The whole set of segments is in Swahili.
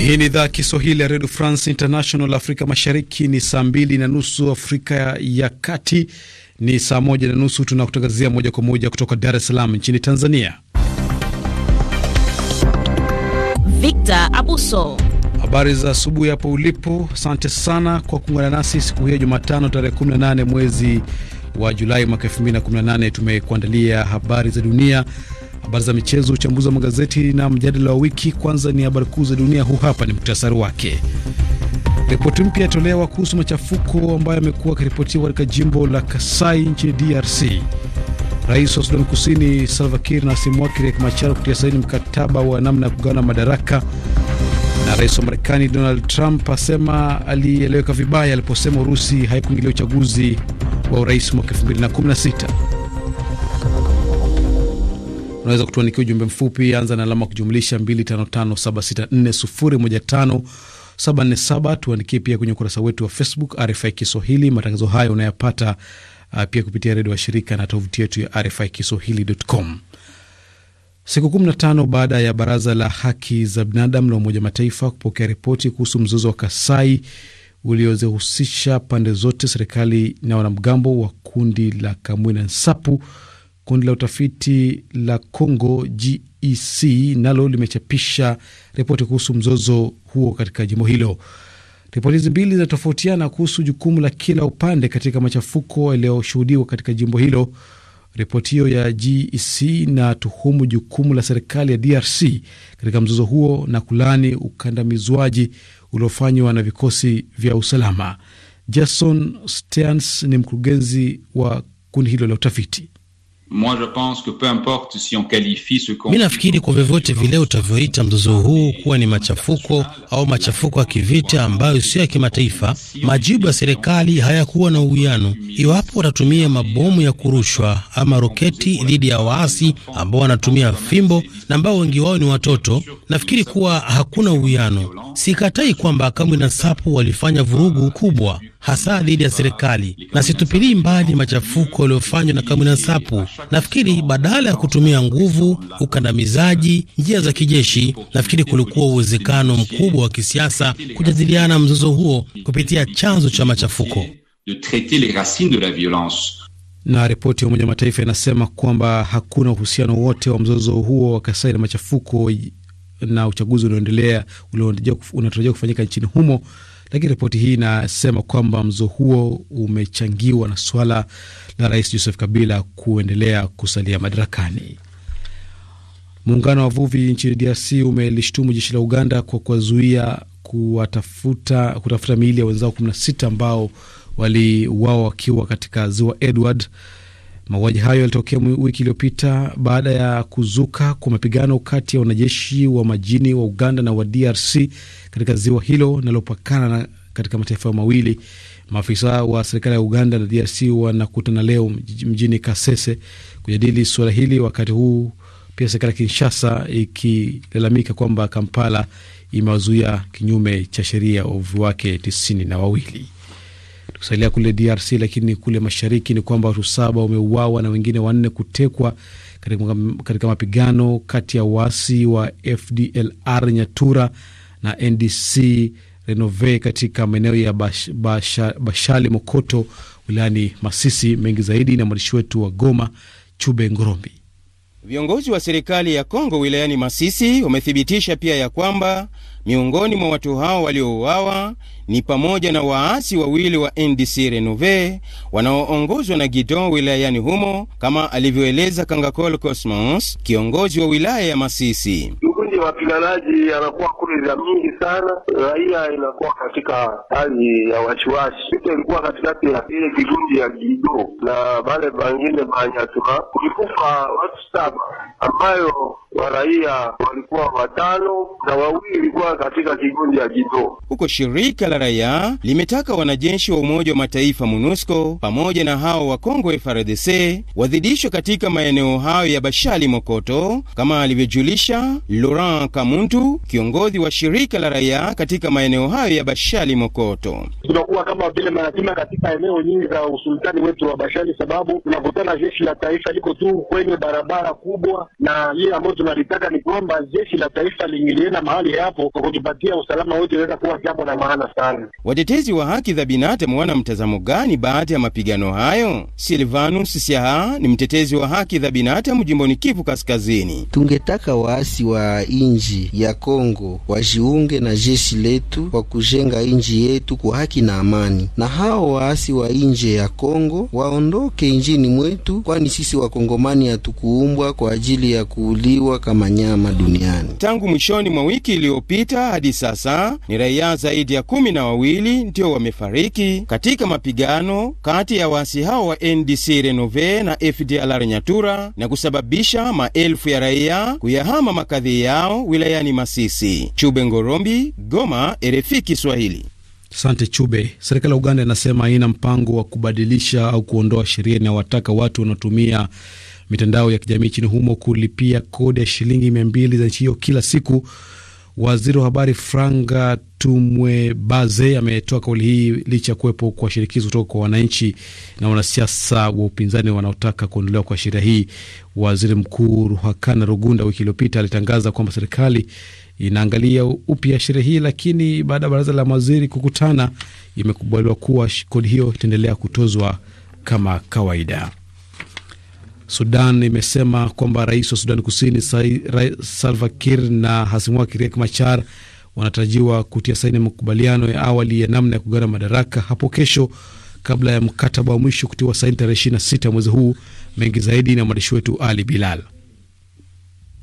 Hii ni idhaa Kiswahili ya redio France International. Afrika mashariki ni saa mbili na nusu, Afrika ya kati ni saa moja na nusu. Tunakutangazia moja kwa moja kutoka Dar es Salaam nchini Tanzania. Victor Abuso, habari za asubuhi hapo ulipo. Asante sana kwa kuungana nasi siku hii ya Jumatano tarehe 18 mwezi wa Julai mwaka 2018. Tumekuandalia habari za dunia Habari za michezo, uchambuzi wa magazeti na mjadala wa wiki. Kwanza ni habari kuu za dunia, huu hapa ni muhtasari wake. Ripoti mpya yatolewa kuhusu machafuko ambayo yamekuwa yakiripotiwa katika jimbo la Kasai nchini DRC. Rais wa Sudani Kusini Salva Kiir na simu wake Riek Machar kutia saini mkataba wa namna ya kugawana madaraka. Na rais wa Marekani Donald Trump asema alieleweka vibaya aliposema Urusi haikuingilia uchaguzi wa urais mwaka 2016. Unaweza kutuandikia ujumbe mfupi, anza na alama kujumlisha 255764015747. Tuandikie pia kwenye ukurasa wetu wa Facebook RFI Kiswahili. Matangazo haya unayapata uh, pia kupitia redio wa shirika na tovuti yetu ya RFI Kiswahili.com. Siku 15 baada ya baraza la haki za binadamu la Umoja Mataifa kupokea ripoti kuhusu mzozo wa Kasai uliozihusisha pande zote, serikali na wanamgambo wa kundi la Kamwina Nsapu Kundi la utafiti la Congo GEC nalo limechapisha ripoti kuhusu mzozo huo katika jimbo hilo. Ripoti hizi mbili zinatofautiana kuhusu jukumu la kila upande katika machafuko yaliyoshuhudiwa katika jimbo hilo. Ripoti hiyo ya GEC tuhumu jukumu la serikali ya DRC katika mzozo huo na kulani ukandamizwaji uliofanywa na vikosi vya usalama. Jason Stearns ni mkurugenzi wa kundi hilo la utafiti. Mi nafikiri kwa vyovyote vile utavyoita mzozo huu kuwa ni machafuko au machafuko ya kivita ambayo sio ya kimataifa, majibu ya serikali hayakuwa na uwiano. Iwapo watatumia mabomu ya kurushwa ama roketi dhidi ya waasi ambao wanatumia fimbo na ambao wengi wao ni watoto, nafikiri kuwa hakuna uwiano. Sikatai kwamba Kamwe na Sapu walifanya vurugu kubwa, hasa dhidi ya serikali, na situpilii mbali machafuko yaliyofanywa na Kamwina Nsapu. Nafikiri badala ya kutumia nguvu, ukandamizaji, njia za kijeshi, nafikiri kulikuwa uwezekano mkubwa wa kisiasa kujadiliana mzozo huo kupitia chanzo cha machafuko na ripoti ya Umoja wa Mataifa inasema kwamba hakuna uhusiano wote wa mzozo huo wa Kasai na machafuko na uchaguzi unaoendelea unatarajia kufanyika nchini humo lakini ripoti hii inasema kwamba mzo huo umechangiwa na suala la Rais Joseph Kabila kuendelea kusalia madarakani. Muungano wa wavuvi nchini DRC umelishtumu jeshi la Uganda kwa kuwazuia kutafuta miili ya wenzao 16 ambao waliuawa wakiwa katika ziwa Edward Mauaji hayo yalitokea wiki iliyopita baada ya kuzuka kwa mapigano kati ya wanajeshi wa majini wa Uganda na wa DRC katika ziwa hilo linalopakana na katika mataifa mawili. Maafisa wa serikali ya Uganda na DRC wanakutana leo mjini Kasese kujadili suala hili, wakati huu pia serikali ya Kinshasa ikilalamika kwamba Kampala imewazuia kinyume cha sheria wavuvi wake tisini na wawili. Tukisalia kule DRC, lakini kule mashariki ni kwamba watu saba wameuawa na wengine wanne kutekwa katika, mapigano kati ya waasi wa FDLR Nyatura na NDC Renove katika maeneo ya bash, bash, Bashali Mokoto wilayani Masisi. Mengi zaidi na mwandishi wetu wa Goma Chube Ngorombi. Viongozi wa serikali ya Kongo wilayani Masisi wamethibitisha pia ya kwamba Miongoni mwa watu hao waliouawa ni pamoja na waasi wawili wa NDC Renove wanaoongozwa na Gidon wilayani humo, kama alivyoeleza Kangakol Cosmos, kiongozi wa wilaya ya Masisi. Kikundi ya wapiganaji yanakuwa kule za mingi sana, raia inakuwa katika hali ya wasiwasi. Vita ilikuwa katikati ya ile kikundi ya Gido na vale vangine Banyatura, kulikufa watu saba ambayo waraia walikuwa watano na wawili ilikuwa katika kikundi ya Jito. Huko shirika la raia limetaka wanajeshi wa Umoja wa Mataifa MONUSCO pamoja na hao wa Kongo FRDC wadhidishwe katika maeneo hayo ya Bashali Mokoto, kama alivyojulisha Laurent Kamuntu, kiongozi wa shirika la raia katika maeneo hayo ya Bashali Mokoto. Tunakuwa kama vile mayatima katika eneo nyingi za usultani wetu wa Bashali, sababu tunakutana jeshi la taifa liko tu kwenye barabara kubwa, na hiye ambayo tunalitaka ni kwamba jeshi la taifa lingilienda mahali hapo kwa kujipatia usalama wote inaweza kuwa jambo la maana sana. Watetezi wa haki za binadamu wana mtazamo gani baada ya mapigano hayo? Silvanus Siaha ni mtetezi wa haki za binadamu jimboni Kivu Kaskazini. Tungetaka waasi wa inji ya Kongo wajiunge na jeshi letu kwa kujenga inji yetu kwa haki na amani, na hao waasi wa inje ya Kongo waondoke injini mwetu, kwani sisi wakongomani hatukuumbwa kwa ajili ya kuuliwa kama nyama duniani. Tangu mwishoni mwa wiki iliyopita sita hadi sasa ni raia zaidi ya kumi na wawili ndio wamefariki katika mapigano kati ya waasi hao wa NDC Renove na FDLR Nyatura na kusababisha maelfu ya raia kuyahama makadhi yao wilayani Masisi. Chube Ngorombi, Goma, RFI Kiswahili. Sante Chube. Serikali ya Uganda inasema haina mpango wa kubadilisha au kuondoa sheria inayowataka watu wanaotumia mitandao ya kijamii nchini humo kulipia kodi ya shilingi mia mbili za nchi hiyo kila siku Waziri wa habari Franga Tumwebaze ametoa kauli hii licha ya kuwepo kwa shirikizo kutoka kwa wananchi na wanasiasa wa upinzani wanaotaka kuondolewa kwa sheria hii. Waziri Mkuu Ruhakana Rugunda wiki iliyopita alitangaza kwamba serikali inaangalia upya sheria hii, lakini baada ya baraza la mawaziri kukutana, imekubaliwa kuwa kodi hiyo itaendelea kutozwa kama kawaida. Sudan imesema kwamba rais wa Sudan Kusini Salva Kiir na hasimu wake Riek Machar wanatarajiwa kutia saini makubaliano ya awali ya namna ya kugawana madaraka hapo kesho kabla ya mkataba wa mwisho kutiwa saini tarehe 26 mwezi huu. Mengi zaidi na mwandishi wetu Ali Bilal.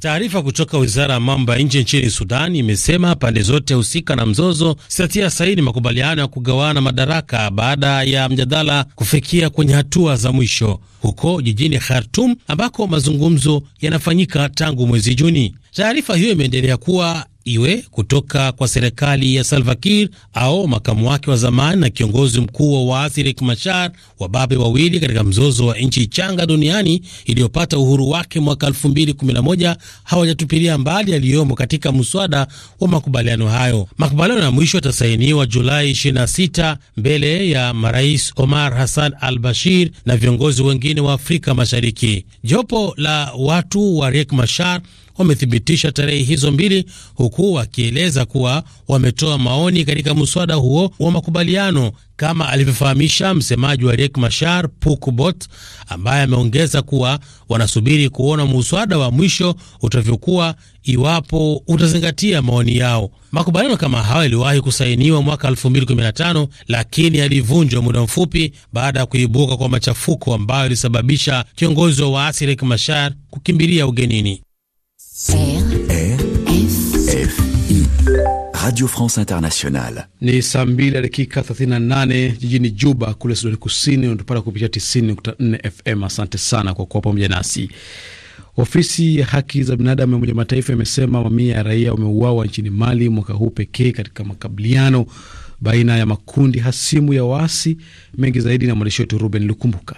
Taarifa kutoka wizara ya mambo ya nje nchini Sudan imesema pande zote husika na mzozo zitatia saini makubaliano ya kugawana madaraka baada ya mjadala kufikia kwenye hatua za mwisho huko jijini Khartum ambako mazungumzo yanafanyika tangu mwezi Juni. Taarifa hiyo imeendelea kuwa iwe kutoka kwa serikali ya Salva Kiir au makamu wake wa zamani na kiongozi mkuu wa waasi Riek Machar, wababe wawili katika mzozo wa nchi changa duniani iliyopata uhuru wake mwaka 2011, hawajatupilia mbali yaliyomo katika mswada wa makubaliano hayo. Makubaliano ya mwisho yatasainiwa Julai 26 mbele ya marais Omar Hassan al Bashir na viongozi wengine wa Afrika Mashariki. Jopo la watu wa Riek Machar wamethibitisha tarehe hizo mbili, huku wakieleza kuwa wametoa maoni katika mswada huo wa makubaliano, kama alivyofahamisha msemaji wa Riek Machar Pukbot, ambaye ameongeza kuwa wanasubiri kuona mswada wa mwisho utavyokuwa iwapo utazingatia maoni yao. Makubaliano kama hayo yaliwahi kusainiwa mwaka 2015 lakini yalivunjwa muda mfupi baada ya kuibuka kwa machafuko ambayo yalisababisha kiongozi wa waasi Riek Machar kukimbilia ugenini. RFI Radio France Internationale. Ni saa mbili ya dakika 38 jijini Juba kule Sudani Kusini, unatupata kupitia 90.4 FM. Asante sana kwa kuwa pamoja nasi. Ofisi ya haki za binadamu ya Umoja Mataifa imesema mamia ya raia wameuawa nchini Mali mwaka huu pekee katika makabiliano baina ya makundi hasimu ya waasi. Mengi zaidi na mwandishi wetu Ruben Lukumbuka.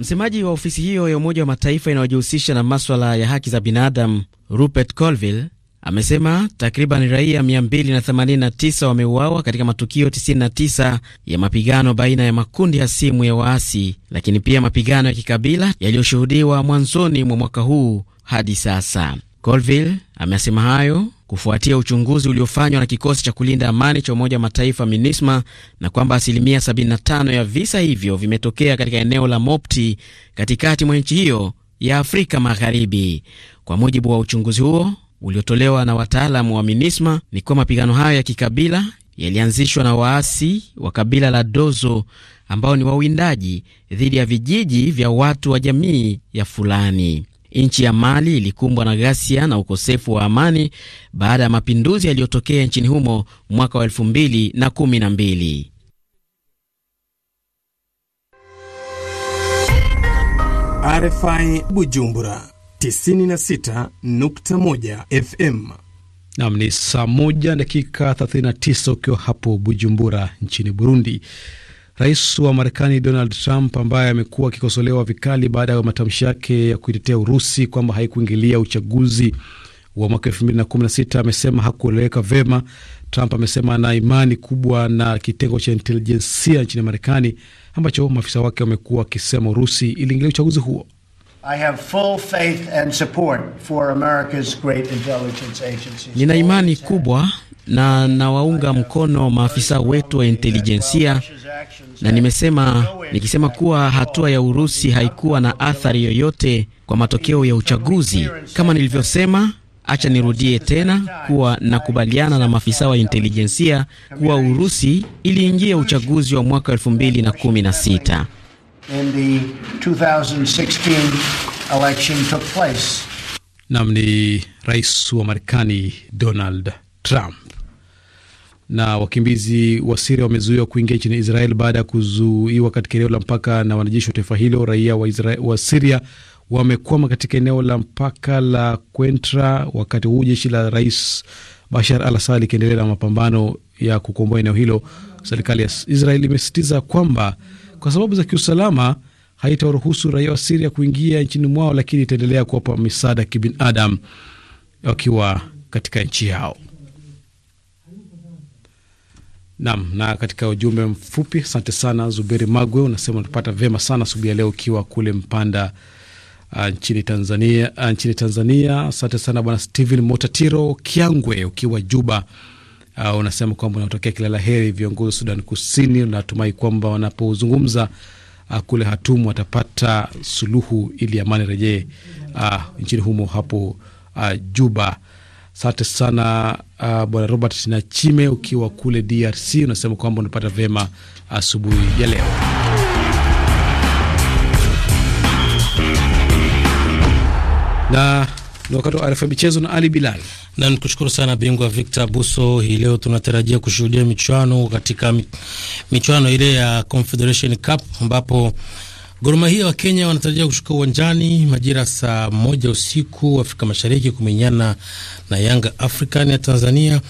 Msemaji wa ofisi hiyo ya Umoja wa Mataifa inayojihusisha na maswala ya haki za binadamu Rupert Colville amesema takriban raia 289 wameuawa katika matukio 99 ya mapigano baina ya makundi ya simu ya waasi, lakini pia mapigano ya kikabila yaliyoshuhudiwa mwanzoni mwa mwaka huu hadi sasa. Colville amesema hayo kufuatia uchunguzi uliofanywa na kikosi cha kulinda amani cha Umoja wa Mataifa MINISMA na kwamba asilimia 75 ya visa hivyo vimetokea katika eneo la Mopti katikati mwa nchi hiyo ya Afrika Magharibi. Kwa mujibu wa uchunguzi huo uliotolewa na wataalamu wa MINISMA ni kuwa mapigano hayo ya kikabila yalianzishwa na waasi wa kabila la Dozo ambao ni wawindaji dhidi ya vijiji vya watu wa jamii ya Fulani. Nchi ya Mali ilikumbwa na ghasia na ukosefu wa amani baada ya mapinduzi yaliyotokea nchini humo mwaka wa elfu mbili na kumi na mbili. RFI Bujumbura 96.1 FM. Nam ni saa moja dakika 39 ukiwa hapo Bujumbura nchini Burundi. Rais wa Marekani Donald Trump ambaye amekuwa akikosolewa vikali baada ya matamshi yake ya kuitetea Urusi kwamba haikuingilia uchaguzi wa mwaka sita amesema hakueleweka vema. Trump amesema ana imani kubwa na kitengo cha intelijensia nchini Marekani ambacho maafisa wake wamekuwa wakisema Urusi iliingilia uchaguzi huo. Nina imani kubwa na nawaunga mkono maafisa wetu wa intelijensia, na nimesema nikisema kuwa hatua ya Urusi haikuwa na athari yoyote kwa matokeo ya uchaguzi. Kama nilivyosema, acha nirudie tena kuwa nakubaliana na maafisa wa intelijensia kuwa Urusi iliingia uchaguzi wa mwaka 2016. Nam ni rais wa Marekani Donald Trump na wakimbizi wa Siria wamezuiwa kuingia nchini Israel baada ya kuzuiwa katika eneo la mpaka na wanajeshi wa taifa hilo. Raia wa, wa Siria wamekwama katika eneo la mpaka la Kwentra, wakati huu jeshi la Rais Bashar al Assad likiendelea na mapambano ya kukomboa eneo hilo. Serikali ya Israel imesisitiza kwamba kwa sababu za kiusalama haitawaruhusu raia wa Siria kuingia nchini mwao, lakini itaendelea kuwapa misaada ya kibinadamu wakiwa katika nchi yao. Nam, na katika ujumbe mfupi, asante sana Zuberi Magwe, unasema unatupata vema sana asubuhi ya leo ukiwa kule Mpanda uh, nchini Tanzania. Uh, nchini Tanzania. Asante sana bwana Steven Motatiro Kiangwe ukiwa Juba. Uh, unasema kwamba unatokea kila la heri viongozi wa Sudan Kusini. Unatumai kwamba wanapozungumza uh, kule Hatumu watapata suluhu ili amani rejee uh, nchini humo hapo uh, Juba. Asante sana uh, bwana Robert Nachime, ukiwa kule DRC unasema kwamba unapata vyema asubuhi ya leo. Na ni wakati wa RFI michezo na Ali Bilal. Na nikushukuru sana bingwa Victor Buso. Hii leo tunatarajia kushuhudia michuano katika michuano ile ya Confederation Cup ambapo Gor Mahia wa Kenya wanatarajia kushuka uwanjani majira saa moja usiku Afrika Mashariki kumenyana na Yanga African ya Tanzania,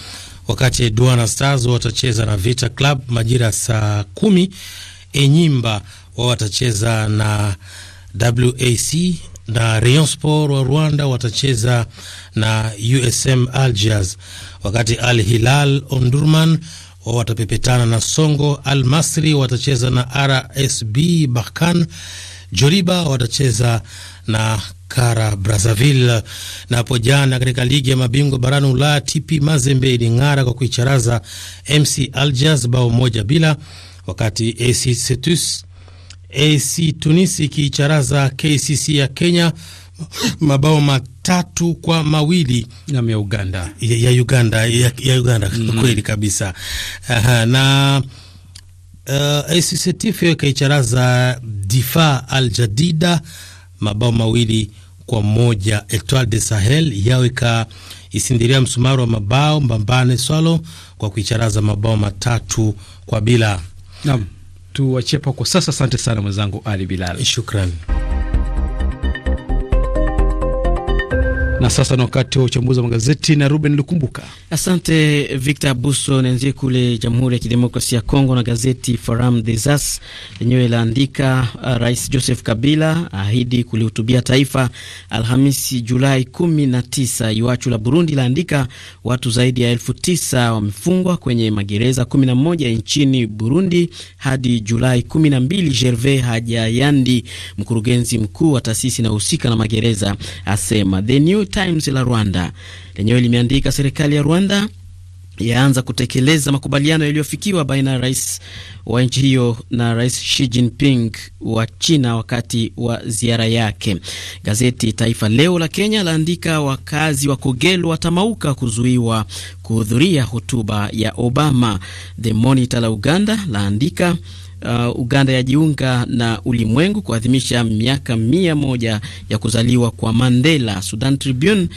wakati Edwana Stars watacheza na Vita Club majira saa kumi. Enyimba wao watacheza na WAC na Rayon Sport wa Rwanda watacheza na USM Algiers, wakati Al Hilal Omdurman wao watapepetana na Songo. Al Masri watacheza na RSB Barkan. Joriba watacheza na Kara Brazzaville. Na hapo jana katika ligi ya mabingwa barani Ulaya, TP Mazembe iling'ara kwa kuicharaza MC Algiers bao moja bila, wakati AC Setus AC tunis ikiicharaza KCC ya Kenya mabao matatu kwa mawili ya Uganda ya, ya Uganda ya, ya Uganda mm. -hmm. Kweli kabisa. Aha, na uh, AS Setif ikaicharaza Difa Al Jadida mabao mawili kwa moja. Etoile de Sahel yao ikaisindiria msumaro wa mabao. Mbambane Swalo kwa kuicharaza mabao matatu kwa bila. Naam, tuwachie kwa sasa. Asante sana mwenzangu Ali Bilal, shukran. sasa ni wakati wa uchambuzi wa magazeti na Ruben Lukumbuka. Asante Victor Buso. Nianzie kule Jamhuri ya Kidemokrasia ya Kongo na gazeti Forum des As lenyewe laandika uh, Rais Joseph Kabila ahidi kulihutubia taifa Alhamisi Julai 19. na Iwachu la Burundi laandika watu zaidi ya elfu tisa wamefungwa kwenye magereza kumi moja nchini Burundi hadi Julai 12. Gervais Hajayandi, mkurugenzi mkuu wa taasisi inayohusika na magereza asema The New Times la Rwanda. Lenyewe limeandika serikali ya Rwanda yaanza kutekeleza makubaliano yaliyofikiwa baina ya rais wa nchi hiyo na rais Xi Jinping wa China wakati wa ziara yake. Gazeti Taifa Leo la Kenya laandika wakazi wa Kogelo watamauka kuzuiwa kuhudhuria hotuba ya Obama. The Monitor la Uganda laandika uh, Uganda yajiunga na ulimwengu kuadhimisha miaka mia moja ya kuzaliwa kwa Mandela. Sudan Tribune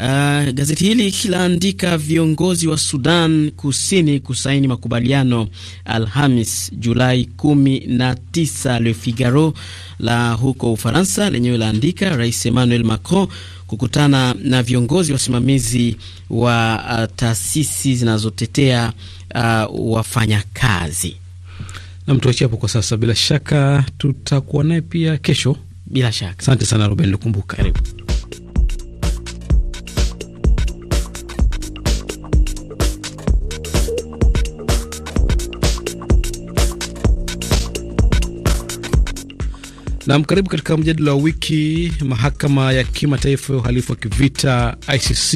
Uh, gazeti hili kilaandika viongozi wa Sudan Kusini kusaini makubaliano Alhamis Julai kumi na tisa. Le Figaro la huko Ufaransa lenyewe laandika Rais Emmanuel Macron kukutana na viongozi wasimamizi wa uh, taasisi zinazotetea uh, wafanyakazi. Nam, tuachie hapo kwa sasa. Bila shaka tutakuwa naye pia kesho, bila shaka. Asante sana Ruben Lukumbuka, karibu. Nam, karibu katika mjadala wa wiki. Mahakama ya kimataifa ya uhalifu wa kivita ICC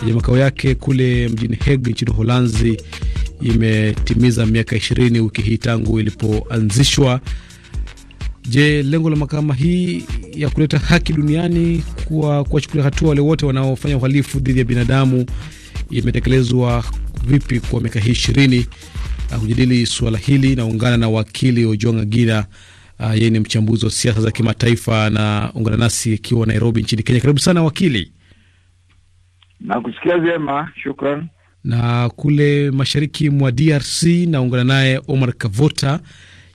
yenye makao yake kule mjini Hague nchini Uholanzi imetimiza miaka ishirini wiki hii tangu ilipoanzishwa. Je, lengo la mahakama hii ya kuleta haki duniani kwa kuwachukulia hatua wale wote wanaofanya uhalifu dhidi ya binadamu imetekelezwa vipi kwa miaka hii ishirini? Kujadili ah, suala hili naungana na wakili Ojuanga Gina. Uh, yeye ni mchambuzi wa siasa za kimataifa na ungana nasi akiwa Nairobi nchini Kenya. Karibu sana wakili. Nakusikia vyema, shukran na kule mashariki mwa DRC naungana naye Omar Kavota,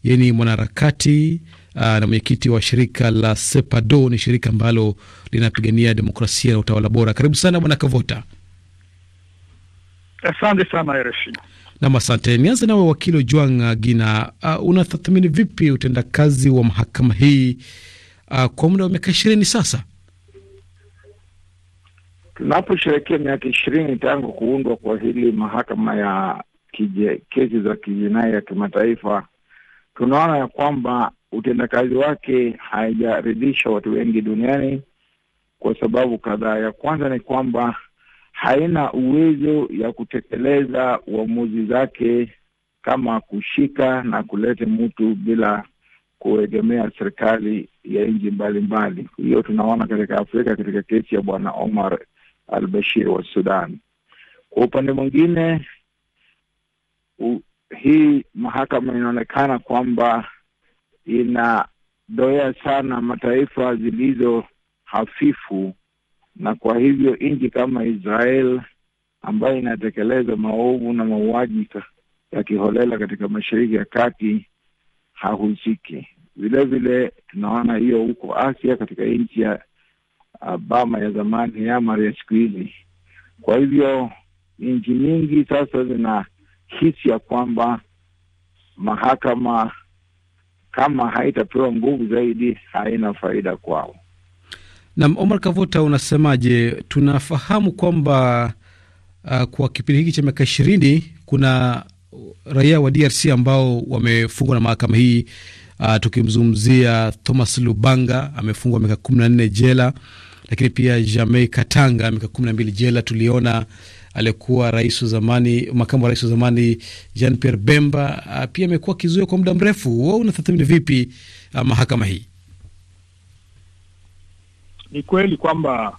yeye ni mwanaharakati ah, na mwenyekiti wa shirika la SEPADO, ni shirika ambalo linapigania demokrasia na utawala bora. Karibu sana bwana Kavota. Asante sana RFI. Nam, asante. Nianze nawe wakili Ojwang ah, Gina, uh, unatathmini vipi utendakazi wa mahakama hii uh, kwa muda wa miaka ishirini sasa? tunaposherekea miaka ishirini tangu kuundwa kwa hili mahakama ya kije, kesi za kijinai ya kimataifa, tunaona ya kwamba utendakazi wake haijaridhisha watu wengi duniani kwa sababu kadhaa. Ya kwanza ni kwamba haina uwezo ya kutekeleza uamuzi zake kama kushika na kuleta mtu bila kuegemea serikali ya nchi mbalimbali. Hiyo tunaona katika Afrika katika kesi ya bwana Omar al Bashir wa Sudan. Kwa upande mwingine, hii mahakama inaonekana kwamba inadoea sana mataifa zilizo hafifu, na kwa hivyo nchi kama Israel ambayo inatekeleza maovu na mauaji ya kiholela katika Mashariki ya Kati hahusiki. Vilevile tunaona hiyo huko Asia katika nchi ya Obama ya zamani ama ya siku hizi. Kwa hivyo nchi nyingi sasa zina hisi ya kwamba mahakama kama haitapewa nguvu zaidi haina faida kwao. Nam Omar Kavuta, unasemaje? Tunafahamu kwamba uh, kwa kipindi hiki cha miaka ishirini kuna raia wa DRC ambao wamefungwa na mahakama hii. Uh, tukimzungumzia Thomas Lubanga amefungwa miaka kumi na nne jela lakini pia Jamei Katanga miaka kumi na mbili jela. Tuliona aliyekuwa rais wa zamani, makamu wa rais wa zamani Jean Pierre Bemba ah, pia amekuwa kizuia kwa muda mrefu. Wewe unatathmini vipi ah, mahakama hii? Ni kweli kwamba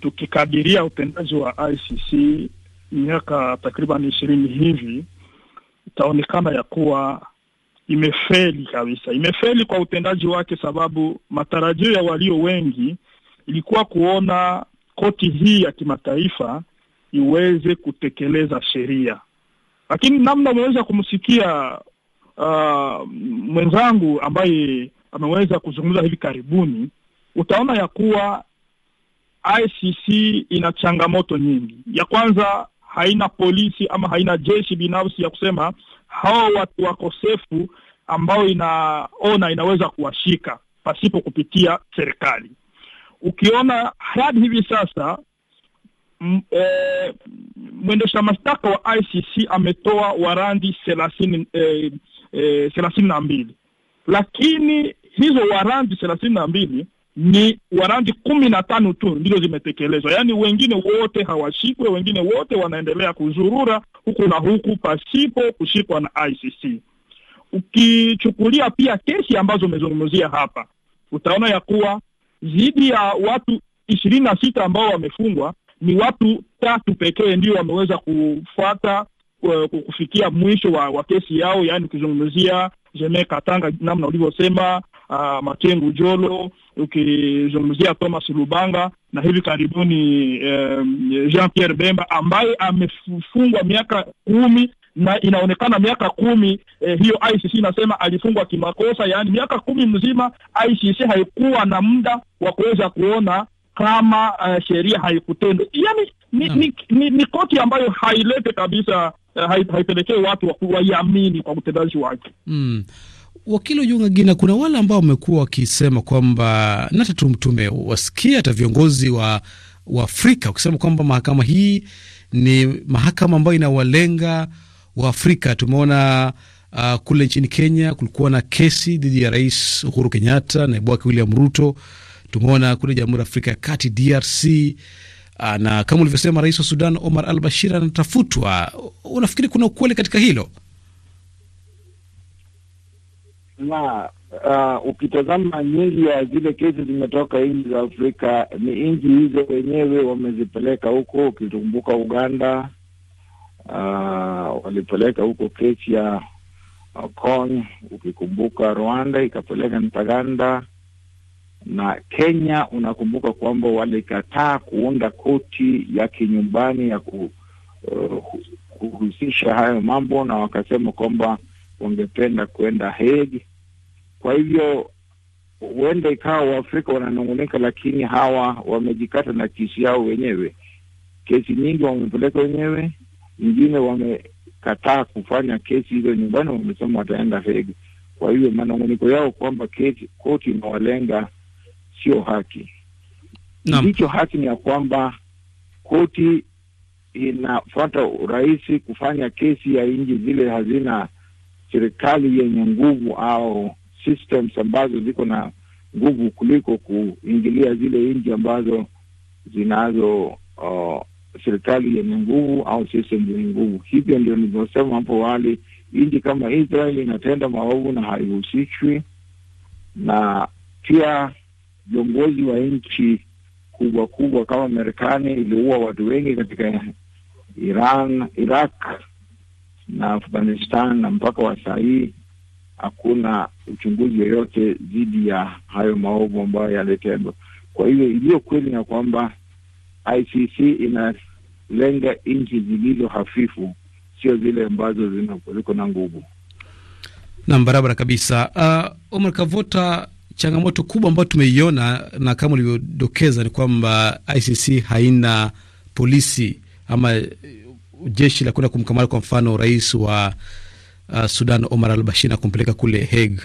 tukikadiria utendaji wa ICC miaka takriban ishirini hivi itaonekana ya kuwa imefeli kabisa, imefeli kwa utendaji wake, sababu matarajio ya walio wengi ilikuwa kuona koti hii ya kimataifa iweze kutekeleza sheria, lakini namna umeweza kumsikia uh, mwenzangu ambaye ameweza kuzungumza hivi karibuni, utaona ya kuwa ICC ina changamoto nyingi. Ya kwanza, haina polisi ama haina jeshi binafsi ya kusema hao watu wakosefu ambao inaona inaweza kuwashika pasipo kupitia serikali. Ukiona hadi hivi sasa e, mwendesha mashtaka wa ICC ametoa warandi thelathini e, e, na mbili lakini hizo warandi thelathini na mbili ni warandi kumi na tano tu ndizo zimetekelezwa, yaani wengine wote hawashikwe, wengine wote wanaendelea kuzurura huku na huku pasipo kushikwa na ICC. Ukichukulia pia kesi ambazo umezungumzia hapa, utaona ya kuwa zaidi ya watu ishirini na sita ambao wamefungwa ni watu tatu pekee ndio wameweza kufuata kufikia mwisho wa, wa kesi yao, yaani ukizungumzia Jeme Katanga namna ulivyosema, uh, ah, matengu Jolo, ukizungumzia Thomas Lubanga na hivi karibuni um, eh, Jean Pierre Bemba ambaye amefungwa miaka kumi na inaonekana miaka kumi eh, hiyo ICC inasema alifungwa kimakosa. Yaani miaka kumi mzima ICC haikuwa na muda wa kuweza kuona kama uh, sheria haikutendwa. Yaani ni, hmm. ni, ni, ni koti ambayo hailete kabisa uh, eh, haipelekee watu waiamini kwa utendaji wake. mm. Wakili Ojwanga Gina, kuna wale ambao wamekuwa wakisema kwamba nata tumewasikia hata viongozi wa, wa Afrika wakisema kwamba mahakama hii ni mahakama ambayo inawalenga wa Afrika. Tumeona uh, kule nchini Kenya kulikuwa na kesi dhidi ya Rais Uhuru Kenyatta, naibu wake William Ruto. Tumeona kule Jamhuri ya Afrika ya Kati, DRC, uh, na kama ulivyosema, rais wa Sudan Omar al Bashir anatafutwa. Unafikiri kuna ukweli katika hilo? na uh, ukitazama nyingi ya zile kesi zimetoka nchi za Afrika, ni nchi hizo wenyewe wamezipeleka huko. Ukitumbuka Uganda, Ah, walipeleka huko kesi ya uh, Kony, ukikumbuka Rwanda ikapeleka Ntaganda na Kenya, unakumbuka kwamba walikataa kuunda koti ya kinyumbani ya ku, uh, kuhusisha hayo mambo, na wakasema kwamba wangependa kwenda Hague. Kwa hivyo huenda ikawa Waafrika wananungunika, lakini hawa wamejikata na kesi yao wenyewe. Kesi nyingi wamepeleka wenyewe, wengine wamekataa kufanya kesi hizo nyumbani, wamesema wataenda Hegi. Kwa hivyo manunguniko yao kwamba koti inawalenga sio haki. Ndicho haki ni ya kwamba koti inafuata urahisi kufanya kesi ya nchi zile hazina serikali yenye nguvu au systems ambazo ziko na nguvu kuliko kuingilia zile nchi ambazo zinazo uh, serikali yenye nguvu au sisi yenye nguvu. Hivyo ndio nilivyosema hapo awali, nchi kama Israel inatenda maovu na haihusishwi, na pia viongozi wa nchi kubwa kubwa kama Marekani iliua watu wengi katika Iran, Iraq na Afghanistan, na mpaka wa saa hii hakuna uchunguzi yoyote dhidi ya hayo maovu ambayo yalitendwa. Kwa hiyo iliyo kweli na kwamba ICC inalenga nchi zilizo hafifu, sio zile ambazo ziko na nguvu. Nam, barabara kabisa. Uh, Omar Kavota, changamoto kubwa ambayo tumeiona na kama ulivyodokeza ni kwamba ICC haina polisi ama uh, jeshi la kwenda kumkamata kwa mfano rais wa uh, Sudan Omar al Bashir na kumpeleka kule Hague.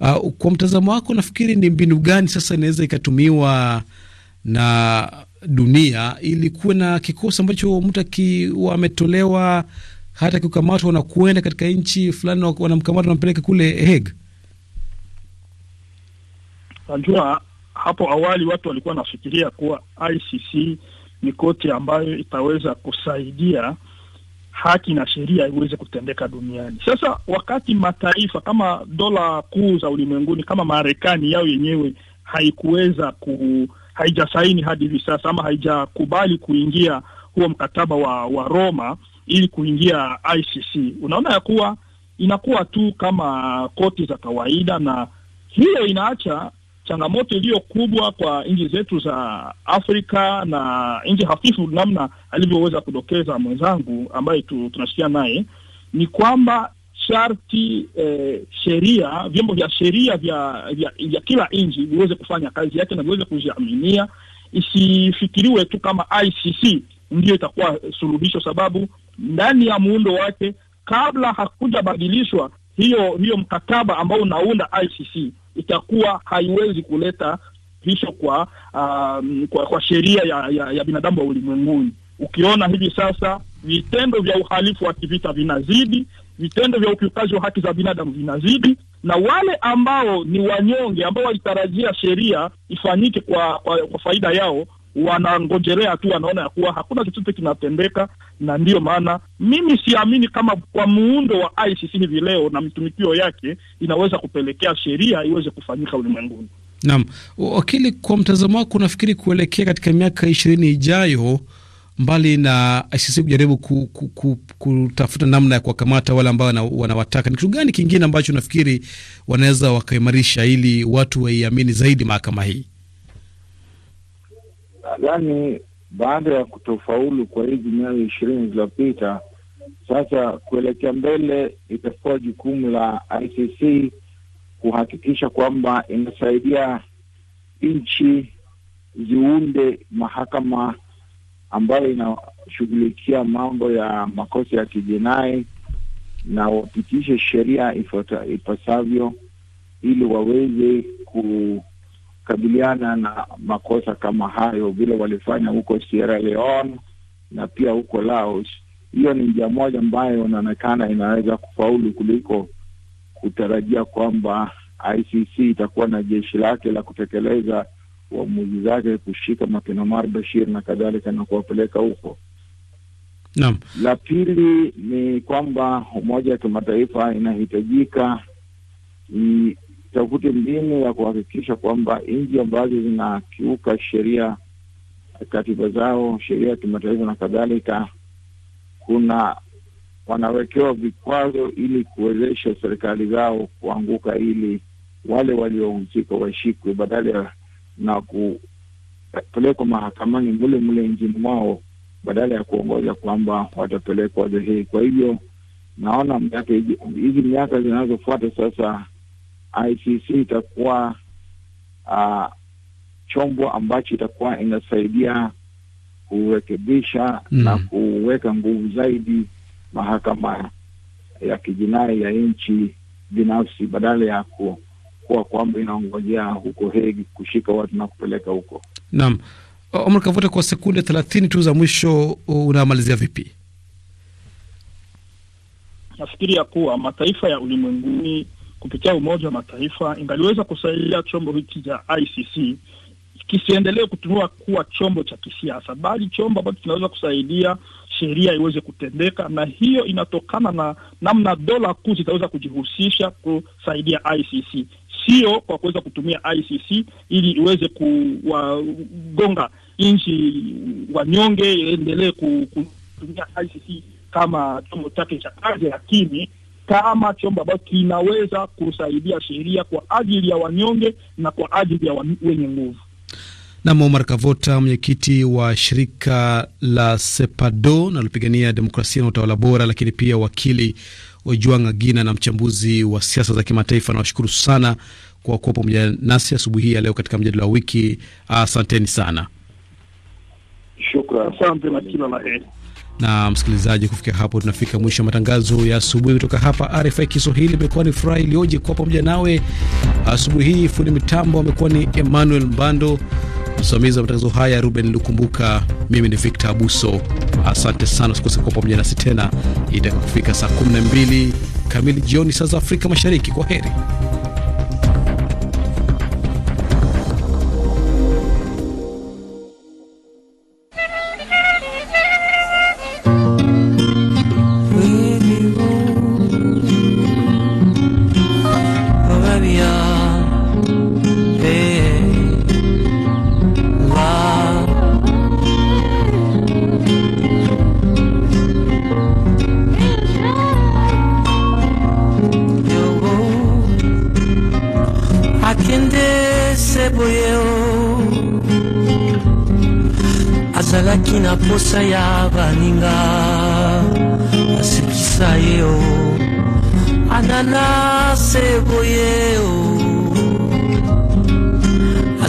Uh, kwa mtazamo wako, nafikiri ni mbinu gani sasa inaweza ikatumiwa na dunia ili kuwe na kikosi ambacho mtu akiwa ametolewa hata kukamatwa na kuenda katika nchi fulani, wanamkamata wanampeleka kule Hague. Najua hapo awali watu walikuwa wanafikiria kuwa ICC ni koti ambayo itaweza kusaidia haki na sheria iweze kutendeka duniani. Sasa wakati mataifa kama dola kuu za ulimwenguni kama Marekani yao yenyewe haikuweza ku haijasaini hadi hivi sasa ama haijakubali kuingia huo mkataba wa, wa Roma ili kuingia ICC. Unaona ya kuwa inakuwa tu kama koti za kawaida, na hiyo inaacha changamoto iliyo kubwa kwa nchi zetu za Afrika na nchi hafifu, namna alivyoweza kudokeza mwenzangu ambaye tunashikia naye, ni kwamba sharti eh, sheria, vyombo vya sheria vya, vya, vya kila nchi viweze kufanya kazi yake na viweze kujiaminia, isifikiriwe tu kama ICC ndiyo itakuwa suluhisho, sababu ndani ya muundo wake kabla hakujabadilishwa hiyo hiyo mkataba ambao unaunda ICC itakuwa haiwezi kuleta hisho kwa, um, kwa, kwa sheria ya, ya, ya binadamu wa ulimwenguni ukiona hivi sasa vitendo vya uhalifu wa kivita vinazidi, vitendo vya ukiukaji wa haki za binadamu vinazidi, na wale ambao ni wanyonge ambao walitarajia sheria ifanyike kwa, kwa, kwa faida yao wanangojelea tu, wanaona ya kuwa hakuna chochote kinatendeka. Na ndiyo maana mimi siamini kama kwa muundo wa ICC hivi leo na mitumikio yake inaweza kupelekea sheria iweze kufanyika ulimwenguni. Naam, wakili, kwa mtazamo wako, unafikiri kuelekea katika miaka ishirini ijayo mbali na ICC kujaribu ku, ku, ku, kutafuta namna ya kuwakamata wale ambao wanawataka, ni kitu gani kingine ambacho nafikiri wanaweza wakaimarisha ili watu waiamini zaidi mahakama hii? Nadhani baada ya kutofaulu kwa hizi miaka ishirini zilizopita, sasa kuelekea mbele itakuwa jukumu la ICC kuhakikisha kwamba inasaidia nchi ziunde mahakama ambayo inashughulikia mambo ya makosa ya kijinai na wapitishe sheria ipasavyo ili waweze kukabiliana na makosa kama hayo vile walifanya huko Sierra Leone na pia huko Laos. Hiyo ni njia moja ambayo inaonekana inaweza kufaulu kuliko kutarajia kwamba ICC itakuwa na jeshi lake la kutekeleza uamuzi zake kushika makinamar Bashir na kadhalika na kuwapeleka huko. Naam. La pili ni kwamba Umoja wa Kimataifa inahitajika itafute mbinu ya kuhakikisha kwamba nchi ambazo zinakiuka sheria, katiba zao, sheria ya kimataifa na kadhalika, kuna wanawekewa vikwazo ili kuwezesha serikali zao kuanguka, ili wale waliohusika washikwe badala ya na kupelekwa mahakamani mule mule nchini mwao badala ya kuongoza kwamba watapelekwa zehei Kwa hivyo naona miaka hizi miaka zinazofuata sasa, ICC itakuwa uh, chombo ambacho itakuwa inasaidia kurekebisha mm, na kuweka nguvu zaidi mahakama ya kijinai ya nchi binafsi badala ya ku kuwa kwamba inaongojea huko Hegi kushika watu na kupeleka huko. Naam, Omar Kavuta, kwa sekunde thelathini tu za mwisho, unamalizia vipi? Nafikiri ya kuwa mataifa ya ulimwenguni kupitia Umoja wa Mataifa ingaliweza kusaidia chombo hiki cha ICC kisiendelee kutumiwa kuwa chombo cha kisiasa, bali chombo ambacho kinaweza kusaidia sheria iweze kutendeka, na hiyo inatokana na namna dola kuu zitaweza kujihusisha kusaidia ICC, sio kwa kuweza kutumia ICC ili iweze kuwagonga nchi wanyonge, iendelee kutumia ICC kama chombo chake cha kazi, lakini kama chombo ambacho kinaweza kusaidia sheria kwa ajili ya wanyonge na kwa ajili ya wenye nguvu. Na Omar Kavota, mwenyekiti wa shirika la SEPADO nalopigania demokrasia na utawala bora, lakini pia wakili Ojwang Agina na mchambuzi wa siasa za kimataifa, nawashukuru sana kwa kuwa pamoja nasi asubuhi hii ya leo katika mjadala wa wiki. Asanteni sana. na msikilizaji, kufikia hapo tunafika mwisho wa matangazo ya asubuhi kutoka hapa RFI Kiswahili. Imekuwa ni furaha iliyoje kuwa pamoja nawe asubuhi hii. Fundi mitambo amekuwa ni Emmanuel Mbando. Msimamizi wa matangazo haya Ruben Lukumbuka, mimi ni Victor Abuso. Asante sana, usikose kuwa pamoja nasi tena itakapofika saa 12 kamili jioni saa za Afrika Mashariki. Kwa heri.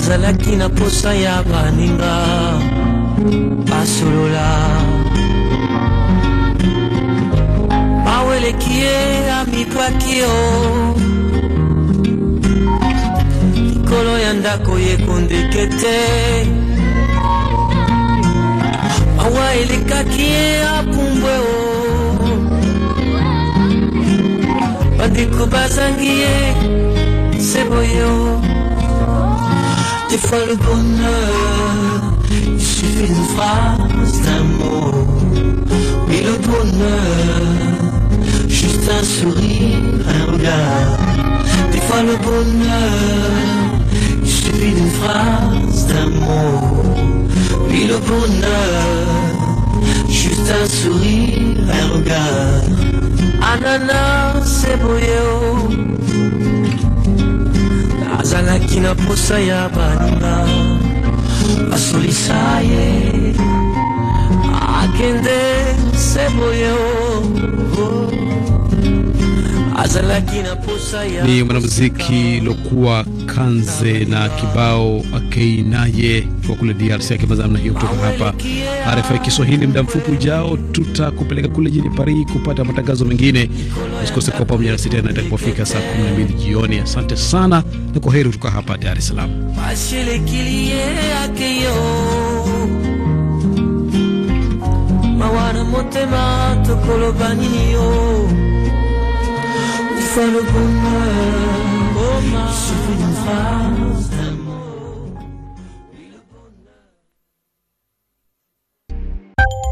zalaki na posa ya baninga basolola mawe eleki ye amipaki o likolo ya ndako yekondeke te mawa elekaki ye apumbwe o bandeko bazangi ye seboyo des fois le bonheur, il suffit d'une phrase, d'un mot. Mais le bonheur, juste un sourire, un regard. Des fois le bonheur, il suffit d'une phrase, d'un mot. Mais le bonheur, juste un sourire, un regard. Ananas, c'est beau kina posa ya banda basolisa akende sebo yo ni mwanamuziki lokuwa Kanze na kibao akei naye kwa kule DRC akimaliza namna hiyo. Kutoka hapa RFI Kiswahili, muda mfupi ujao tutakupeleka kule jijini Paris kupata matangazo mengine. Usikose kuwa pamoja nasi tena itakapofika saa 12 jioni. Asante sana ni kwa heri kutoka hapa Dar es Salaam.